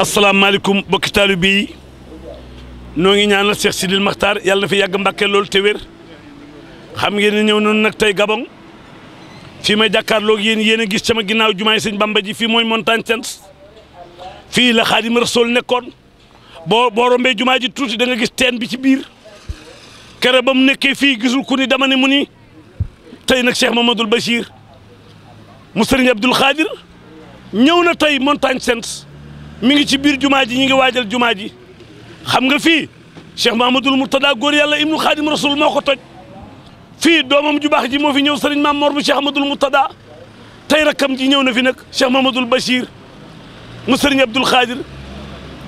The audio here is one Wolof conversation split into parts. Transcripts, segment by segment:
السلام عليكم بكتالو بي نوغي نيانال شيخ سيدي المختار يالنا في ياغ مباكي لول تيوير خام يين نيو نون نك تاي غابون في ما دكار لوك يين يين غيس سما غيناو جمعي سيغ بامبا جي في موي مونتان تانس في لا خادم الرسول نيكون بو بو رومبي جمعي جي توتي داغا غيس تين بي سي بير كربام نيكي في غيسول كوني داما ني موني تاي نك شيخ محمد البشير مسرني عبد القادر نيونا تاي مونتان سنس mi ngi ci biir jumaa ji ñi ngi waajal jumaa ji xam nga fii Cheikh Mahamadul Murtada góor yàlla ibnu xaadim rasul moo ko toj fii doomam ju baax ji moo fi ñëw sëriñ Maam Mor bu Cheikh Ahmadul Murtada tey rakkam ji ñëw na fi nag Cheikh Mahamadul Bachir mu sëriñ Abdul Xaadir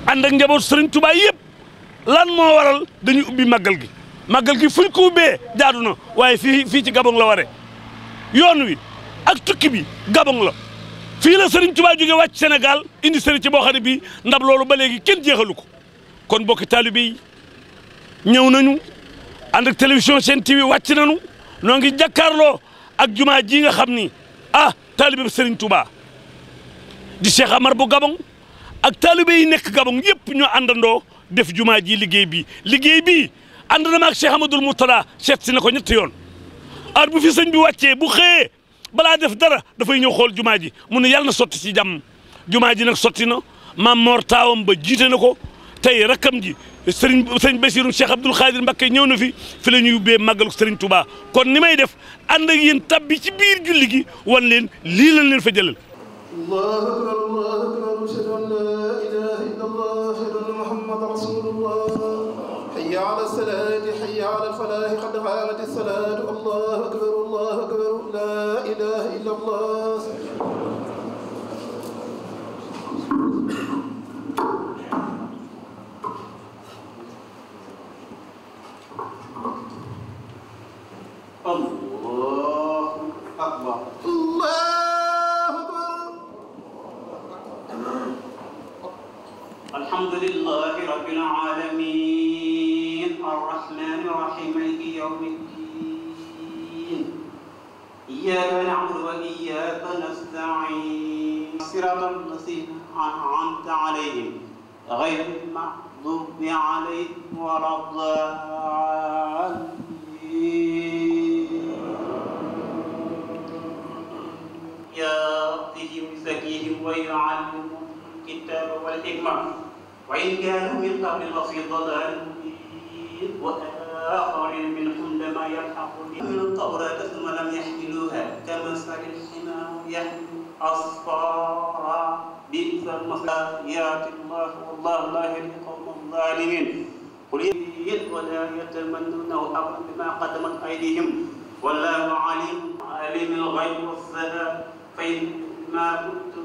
ànd ak njabootu sëriñ Tuubaa yëpp lan moo waral dañuy ubbi màggal gi màggal gi fuñ ko ubbee jaadu na waaye fii fii ci Gabon la ware yoon wi ak tukki bi Gabon la fii la Serigne Touba jóge wàcc Sénégal indi Serigne ci boo xam ne bii ndab loolu ba léegi kenn jeexalu ko kon bokki taalibe yi ñëw nañu ànd ak télévision Sen TV wàcc nañu noo ngi jàkkaarloo ak jumaa ji nga xam ni ah taalibe sëriñ Touba di Cheikh Amar bu Gabon ak taalibe yi nekk Gabon yëpp ñoo àndandoo def jumaa ji liggéey bi liggéey bi ànd na ma ak Cheikh Amadou Mourtada seet si na ko ñett yoon at bu fi sëñ bi wàccee bu xëyee بلا ديف دار دا فاي نيو خول جمعه جي مون يالنا سوتي سي جام جمعه جي نك سوتي نا ما مورتاوم با جيتي نكو تاي جي سيرن سيرن بشير شيخ عبد القادر مكي نيو نفي في لا نيو بي ماغال توبا كون ني ماي ديف اند اك يين تابي سي بير جولي جي الله اكبر الله اكبر اشهد ان لا اله الا الله محمد رسول الله حي على الصلاه حي على الفلاح قد قامت الله اكبر الله أكبر الله أكبر الحمد لله رب العالمين الرحمن الرحيم يوم الدين إياك نعبد وإياك نستعين صراط الذين أنعمت عليهم غير المغضوب عليهم ولا الضالين يأتيهم يزكيهم ويعلمهم الكتاب والحكمة وإن كانوا من قبل لفي ضلال مبين وآخرين منهم لما يلحق بهم التوراة ثم لم يحكم الحمام يحمل أصفارا بئس المصير يأتي الله والله لا يهدي قوم الظالمين قل ولا يتمنونه أبدا بما قدمت أيديهم والله عليم عليم الغيب والسلام فإن ما كنت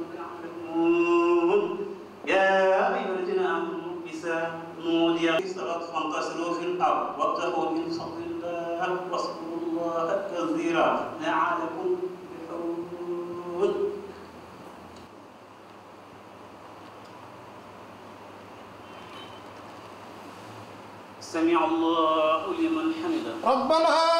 سمع الله لمن حمده ربنا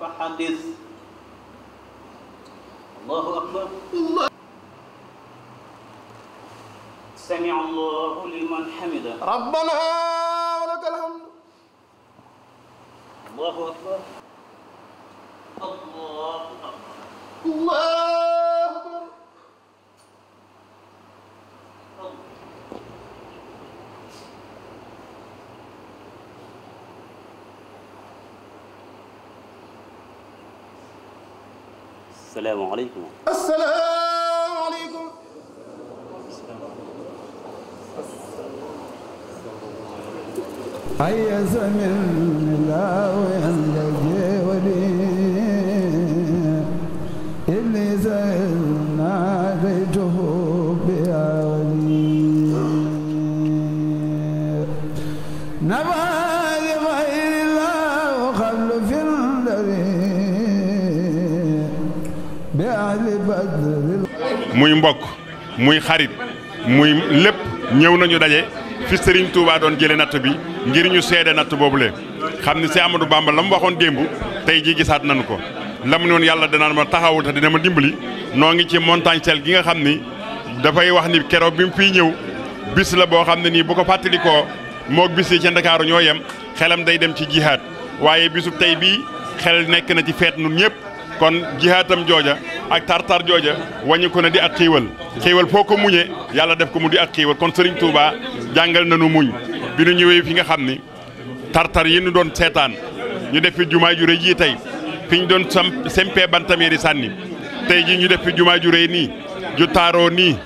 فحدث الله أكبر الله سمع الله لمن حمده ربنا ولك الحمد الله أكبر الله أكبر الله السلام عليكم السلام عليكم هيا زمن لا وين muy mbokk muy xarit muy lépp ñëw nañu daje fi Serigne Touba doon jëlee natt bi ngir ñu seede natt boobu le xam ni si Amadou Bamba la mu waxoon démb tey ji gisaat nañu ko lam noonu yàlla danaan ma taxawul te dina ma dimbali noo ngi ci montagne sel gi nga xam ni dafay wax ni keroog bi mu fiy ñëw bis la boo xam ne nii bu ko fàttalikoo moo bis yi ca Ndakaaru ñoo yem xelam day dem ci jihaat waaye bisub tey bii xel nekk na ci feet nun ñëpp. kon jihaatam jooja ak tartar jooja wàññi ko ne di ak xiiwal xiiwal foo ko muñee yàlla def ko mu di ak xiiwal kon Serigne Touba jàngal nañu muñ bi nu ñëwee fi nga xam ni tartar yi nu doon seetaan ñu def fi jumaa ju rëy jii fi ñu doon sempee bantam yi di sànni tey ji ñu def fi jumaa ju rëy nii ju taaroo nii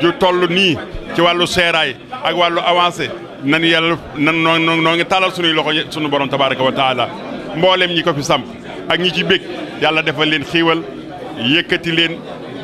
ju toll nii ci wàllu seeraay ak wàllu avancé nan yàlla nan noo noo ngi taalal sunuy loxo suñu borom tabaraka taala mboolem ñi ko fi samp ak ñi ci bég yàlla defal len xiiwal yekati len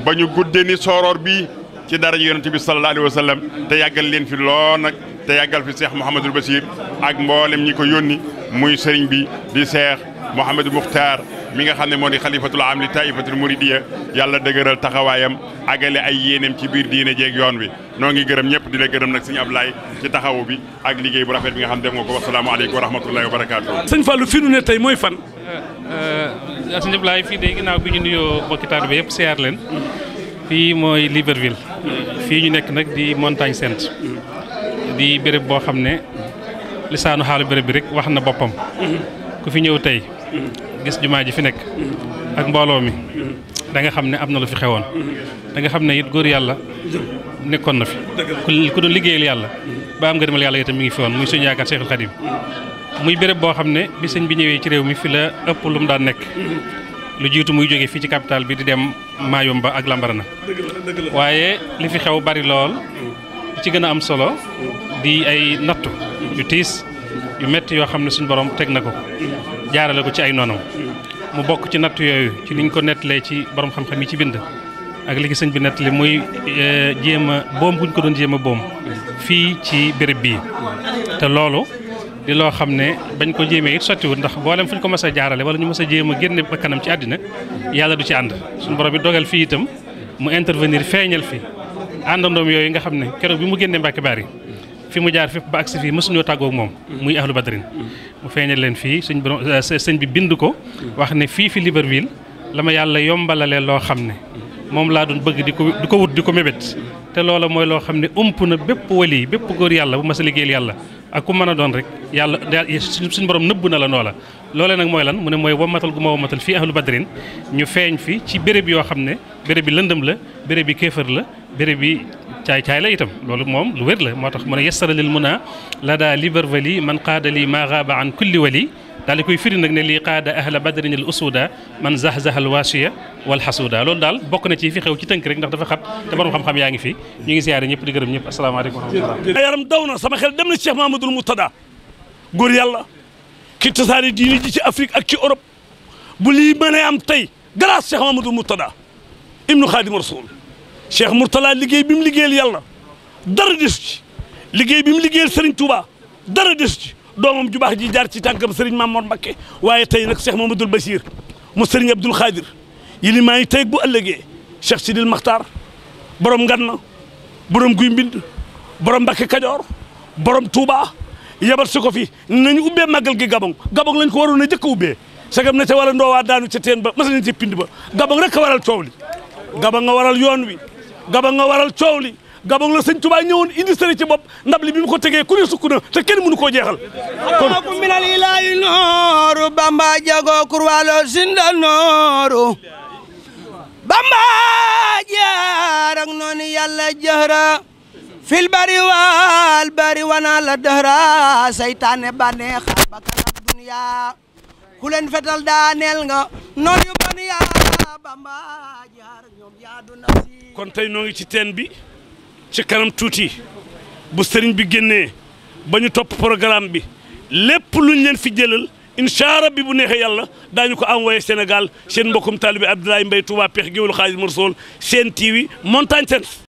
bañu guddeni soror bi ci dara yonnati bi sallallahu alaihi wasallam te yagal len fi lo nak te yagal fi seex Mouhamadul Basir ak mbollem ñiko ko yónni muy serigne bi di cheikh mohammed Mukhtar mi nga xamne modi khalifatul amli taifatul muridiyya yàlla degeural taxawayam agale ay yenem ci bir diine jeek yoon wi no ngi gërëm ñëpp di la gërëm nag sëñ Ablaye ci taxawu bi ak liggey bu rafet bi nga xam ne def nga ko alaykum wa rahmatullahi wa barakatuh seigne fallu fi nu ne tay moy fan. Euh, euh, Assane Abdoulaye fii de ginnaaw bi ñu nuyoo mbokki bi yëpp siyaar leen fii mooy Libreville fii ñu nekk nag di Montagne Sainte di béréb boo xam ne lisaanu xaalu béréb bi rek wax na boppam ku fi ñëw tey gis jumaa ji fi nekk ak mbooloo mi da xam ne am na lu fi xewoon danga xam ne it góor yàlla nekkoon na fi ku doon liggéeyal yàlla ba am nga demal yàlla itam mi ngi fi woon muy suñu yaakaar Seexul Xadim muy béréb boo xam ne bi sëñ bi ñëwee ci réew mi fi la ëpp lu mu daan nekk lu jiitu muy jóge fii ci capital bi di dem ba ak na waaye li fi xew bari lool ci gën a am solo di ay nattu yu tiis yu metti yoo xam ne suñu borom teg na ko jaarale ko ci ay noonam mu bokk ci nattu yooyu ci niñ ko nettalee ci borom xam-xam yi ci bind ak li ki sëñ bi nettali muy eh, jéem a boom buñ ko doon jéem a boom fii ci béréb bii te loolu di loo xam ne bañ ko jéemee it sottiwut ndax boolem fu ñu ko mës a jaarale wala ñu mës a jéem a génne ba kanam ci àddina yàlla du ci ànd suñu borom bi dogal fii itam mu intervenir feeñal fi àndandoom yooyu nga xam ne keroog bi mu génnee Mbàkke Bari fi mu jaar fépp ba agsi fii mësuñoo tàggoo moom muy ahlu badrin mu feeñal leen fii suñ borom sëñ bi bind ko wax ne fii fi Libreville la ma yàlla yombalalee loo xam ne mom la doon bëgg diko diko wut diko mébét te loolu moy lo xamné ump na bépp wali bépp góor yàlla bu mas a liggéeyal yàlla ak ku mëna doon rek yàlla suñu borom neub na la noola loolé nak moy lan mune moy mooy wammatal gu ma wammatal fii ahlu badrin ñu feñ fi ci béréb yo xamné ne béréb bi lëndëm la béréb bi kéfer la béréb bi caay caay la itam lolou mom lu wér la motax mo ne yasara lil muna lada daa libar wali man qaadali ma ghaba an kulli wali daal di koy firi nag ne lii qaada ahla badrin al usuda man zahzaha al washiya wal hasuda loolu daal bokk na ci fi xew ci tënk rek ndax dafa xat te borom xam-xam yaa ngi fi ñu ngi siyaare ñëpp di gërëm ñëpp asalaamaaleykum wa rahmatulah yaram daw na sama xel dem na Cheikh Mahamadul Moutada góor yàlla ki tasaare diini ji ci Afrique ak ci Europe bu lii mënee am tey grâce Cheikh Mahamadul Moutada ibnu xaadim rasul Cheikh murtala liggéey bi mu liggéeyal yàlla dara desu ci liggéey bi mu liggéeyal Serigne Touba dara desu ci domam ju bax ji jaar ci tànkam Serigne Mamour mbake waye tay nak Cheikh Mamadou bassir mo Serigne Abdoul Khadir yili may tay bu ëllëgee Cheikh Sidil Makhtar borom ganna borom Guy Mbind borom mbake kadior borom Touba yebal suko fi nañu ubbé magal gi Gabon Gabon lañ ko waroon jëk ubbé sagam na ci wala ndoowaa daanu ci ten ba ma sañ ci pind ba Gabon rek waral ciowli li Gabon nga waral yoon wi Gabon nga waral ciowli Gabon la sëñ Tuubaa ñëwoon indi sëriñ ci bopp ndab li bi mu ko tegee ku ne sukk na te kenn mënu koo jeexal kon minal ilaahi nooru bamba jago kurwaalo sinda nooru bamba jaarak noonu yàlla jëhra fil bari wal bari wana la dëhra saytaane bànneex duniya ku fetal daaneel nga noonu yu bon yaa bamba jaarak ñoom yaa du nafsi kon tey noo ngi ci teen bi ci kanam tuuti bu sëriñ bi génnee bañu topp programme bi lépp luñ leen fi jëlal incha bi bu neexee yàlla daañu ko envoyé Sénégal seen mbokkum taalibe Abdoulaye Mbaye Touba Pex Géwél Xaalis Morsool seen TV montagne seen